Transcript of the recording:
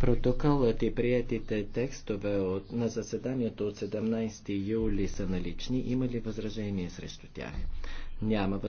Протоколът и приятите текстове от, на заседанието от 17 юли са налични. Има ли възражение срещу тях? Няма.